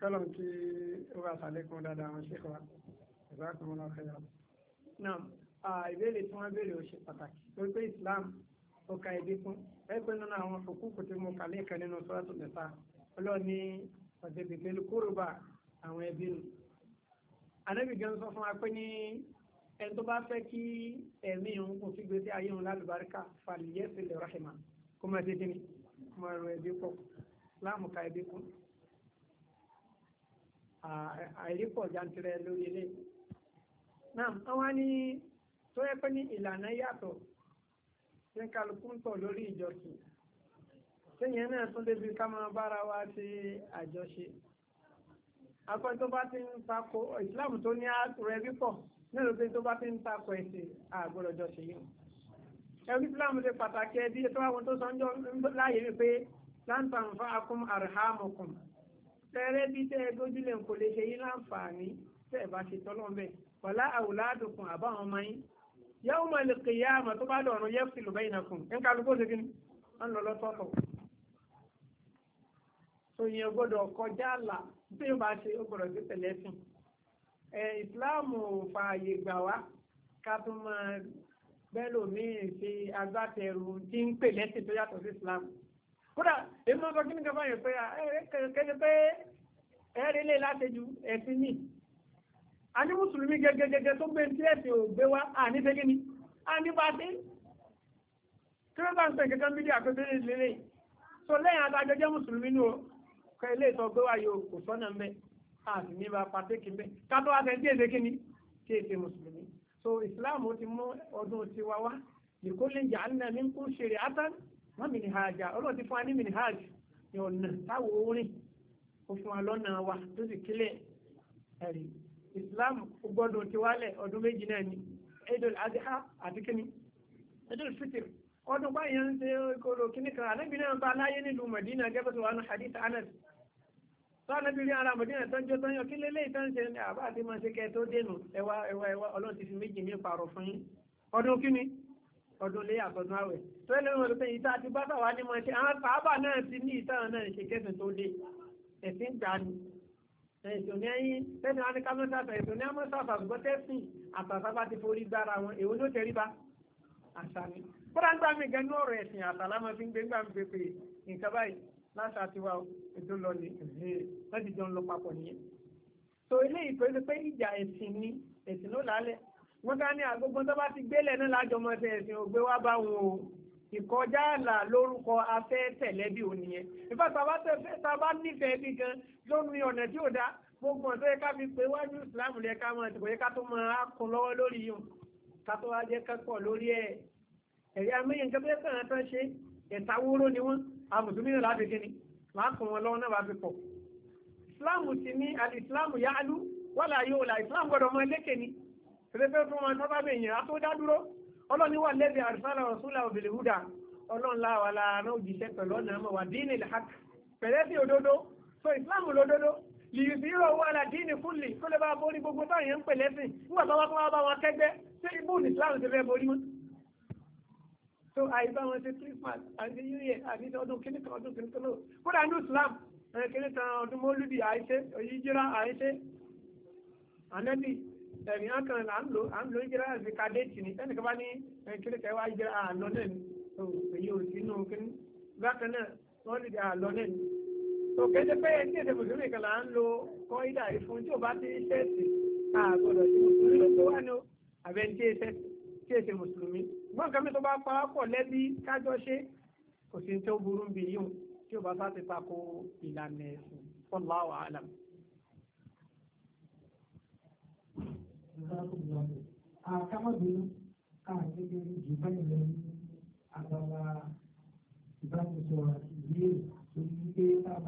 kọ́lọ̀ kí ó bá sàlékún dáadáa àwọn ṣèkọ́ ìgbà kan wọn lọ́ọ́ fẹ́ràn. náà ìbéèrè tí wọ́n béèrè ó ṣe pàtàkì torí pé Islam ó ka ẹbí fún ẹgbẹ́ nínú àwọn òkúkú tí mo kà lẹ́ẹ̀kan nínú sọ́ọ́tù mẹ́ta ọlọ́ọ̀ni ọ̀sẹ̀bì pẹ̀lú kúrúbà àwọn ẹbí nù. ànábì gan sọ fún wa pé ní ẹni tó bá fẹ́ kí ẹ̀mí òun kò fi gbèsè ayé òun lálùbáríkà fàlìyẹ́sì lè rọ́ṣẹ̀mà kó máa ṣe kí ni kó máa rọ ẹbí pọ̀ láàmùka ẹbí kún àìrípọ̀ jantirẹ lórí ilé náà àwọn ní tó yẹ pé ní ìlànà yàtọ̀ ní kálukú ń tọ̀ lórí ìjọsìn téèyàn náà tún débi ká máa bára wa ṣe àjọṣe akọ́ tó bá ti ń takò ìsìláàmù tó ní àtúrẹ́ bípọ̀ nílùú pé tó bá ti ń takò ẹ̀sìn àgbọ̀dọ̀ jọ̀ṣe yìí ẹ̀rí ìsìláàmù ṣe pàtàkì ẹbí tó àwọn tó sọ ń jọ láàyè wípé láǹtàn fún akún àrùhámùkùn tẹ́rẹ́ bí tẹ́ ẹ dójúlẹ̀ kò lè ṣe yín láǹfààní tẹ́ ẹ bá ṣe tọ́lọ́n bẹ́ẹ̀ wàlá àwòládùkùn àbáwọn ọmọ yín yàwó máa lè kéyà àmọ́ tó bá dọ̀rùn yẹ fi lùbẹ́ ìnà kùn nǹkan ló gbọ́dọ̀ kíni wọ́n lọ lọ́tọ́tọ̀ tó yẹn gbọ́dọ̀ àlà tí yóò bá ṣe ó gbọ́dọ̀ sí tẹ̀lẹ́sìn ẹ ìsìláàmù fààyè gbà wá ká tó máa bẹ́ẹ̀ lòmíì ṣe agbátẹrù tí ń pè lẹ́sìn tó yàtọ̀ sí ìsìláàmù kódà èmi máa sọ kí ní kẹfà yẹn pé ah, kẹsẹ pé ẹ̀rẹ́ lè láti ju ẹ̀sìn ní a ní mùsùlùmí gẹ́gẹ́gẹ́gẹ́ tó gbé tí ẹ̀sìn ò gbé wá à ní fẹ́gẹ́ ni a ní bá dé tí wọ́n bá ń pè kankan bí i àkọsí lélẹ̀ so lẹ́yìn adájọ́ jẹ́ mùsùlùmí ní o kọ ilé ìtọ́ gbé wá yóò kò sọ́nà mẹ́ a sì ní bá pàtẹ́kì mẹ́ kátó wá sẹ́ńtì èdè kíni kí èsè mùsùlùmí so ìsìláàmù ti mú ọdún tiwa wá ìkólé jà wọ́n mìnìhàjà ọlọ́run ti fún wa ní mìnìhàjì ní ọ̀nà táwọn orin ó fún wa lọ́nà wa tó sì kílẹ̀ ẹ̀rí islam gbọ́dọ̀ ti wálẹ̀ ọdún méjì náà ni idul adha àti kíni idul fitr ọdún báyìí ń ṣe kóró kíní kan ànábì náà bá aláyé nílùú madina gẹ́gẹ́ tó wà nù hadith anas tó ànábì rí ara madina tó ń jó tó ń yọ kí lélẹ́yìí tó ń ṣe àbá àti máa ṣe kẹ́ tó dénú ẹwà ẹwà ẹwà ọlọ́run ti fi méjì ní pààrọ̀ fún yín ọdún kíni ọdún léyà àtọ̀dún àwẹ̀ tó ẹ lẹ́nu olùpẹ̀ ìta àti bá tàwa ní mọ̀ọ́tì àwọn pàápàá náà ti ní ìtàn náà ṣe kẹsàn tó dé ẹ̀sìn gbà ni ẹ̀sùn ní ẹ̀yìn tẹ́ni wọn ní ká mọ́tà àtà ẹ̀sùn ní àmọ́tà àtà ṣùgbọ́n tẹ́sìn àtàtà bá ti forí gbára wọn èwo ló tẹrí ba àṣà ni bọ́dà gbà mí gan ní ọ̀rọ̀ ẹ̀sìn àtà lámọ́ fi ń gbé gbà mí pépè nǹkan báyìí láṣà tiwa ètò lọ ní wọ́n ti jọ ń lọ papọ̀ nìyẹn. tó eléyìí pé pé ìjà ẹ̀sìn ni ẹ̀sìn ló lálẹ́ wọ́n ká ní àgbógun tó bá ti gbélẹ̀ náà lájọmọ́sẹ̀ ẹ̀sìn ògbé wá bá wọn o ìkọjá àlà lórúkọ afẹ́ tẹ̀lẹ́bí òní yẹn ìfẹ́ tàbá tẹ̀fẹ́ tàbá nífẹ̀ẹ́ bí gan lórí ọ̀nà tí ò dá gbogbo ọ̀tọ́ yẹ ká fi pé wájú ìsìlámù lẹ ká mọ̀ ẹ̀tùkọ̀ yẹ ká tó máa kún lọ́wọ́ lórí yìí ká tó wá jẹ́ kẹ́kọ̀ọ́ lórí ẹ̀ ẹ̀rí amẹ́yìn nǹkan bẹ́ẹ̀ kàn án tán ṣe ẹ̀ta wóró ni wọ́n àmùsùnmí náà láti kíni láàkùn wọn lọ́wọ́ náà wá fi pọ̀ ìsìlámù ti ní àti ìsìlámù yáálú wọ́n tẹ́lẹ́fẹ́ fún wọn sábàbí yẹn á tó dá dúró ọlọ́ni wà lẹ́bi àrísàlà ọ̀ṣúlà òbílẹ̀ húdà ọlọ́nla wà láàánú òjíṣẹ́ pẹ̀lú ọ̀nà àmọ́ wà dín nílẹ̀ hàk pẹ̀lẹ́ sí òdodo so islam lódodo lìyí sí ìrọ̀ owó àlà dín ní fúlì kó lè bá borí gbogbo táyẹn ń pẹ̀lẹ́ sí nígbà tó wá tó bá wọn kẹ́gbẹ́ ṣé ibú ní islam ti fẹ́ borí wọn. so àìbá wọn ṣe christmas àti new year àti ọdún kìnnìkan ọdún kìnnìkan lọ kódà ní islam kìnnìkan ọdún mọ́lúdì àìṣe òyìnjìrá àìṣe ànẹ́bí ẹ̀rí hàn kan là ń lò à ń lò ìjìrá àti kàdéètì ni ẹnì kan bá ní kiri kẹ́ wá ìjìrá àlọ́ náà ni èyí ò sí inú kí bákan náà wọ́n lè di àlọ́ náà ni. tó kéde pé ẹni èdè mùsùlùmí kan là ń lo kọ́ ìdá ìfún tí ò bá ti ṣẹ́ sí àgbọ̀dọ̀ sí mùsùlùmí ló tó wá ní o àbẹ̀ ní tí èsè mùsùlùmí. gbọ́n nǹkan mi tó bá pa pọ̀ lẹ́bí kájọ ṣe kò sí ní tó burú bí yíyún tí ò bá bá ti tako ìlànà ẹ̀sìn wallahu a'lam ìzákùnrin àkámọ́bìnrin káàkiri jù báyìí lọ ní abala ìbánisọ̀rọ̀ àti ìbéèrè torí pé tá a bá.